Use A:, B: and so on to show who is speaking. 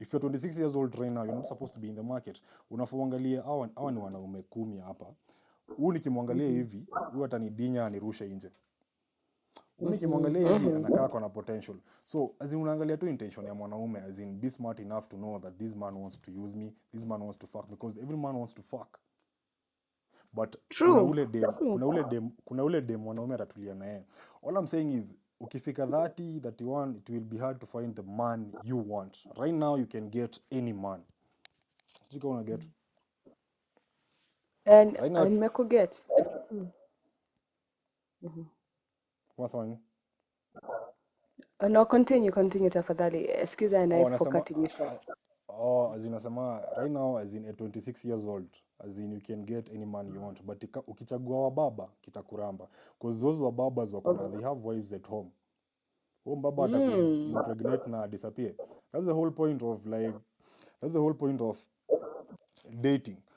A: If you're 26 years old right now, you're not supposed to be in the market. Unafuangalia hawa hawa ni wanaume kumi hapa. Huyu nikimwangalia mm-hmm. hivi, huyu atanidinya anirushe nje. Huyu nikimwangalia mm-hmm. hivi mm-hmm. anakaa kwa na potential. So, as in unaangalia tu intention ya mwanaume as in be smart enough to know that this man wants to use me, this man wants to fuck because every man wants to fuck. But True. kuna ule dem, kuna ule dem, kuna ule dem mwanaume atatulia na yeye. All I'm saying is ukifika 30 31 it will be hard to find the man you want right now you can get any man sika una get
B: and right now, and uh, get
A: mm. what's on
B: no continue continue tafadhali excuse and oh, i for cutting you short
A: oh, as in nasema right now as in a eh, 26 years old as in you can get any man you want but ika, ukichagua wababa kitakuramba cause those wababas wakona they have wives at home huo mbaba atakuimpregnate hmm. mm. na disappear that's the whole point of like that's the whole point of dating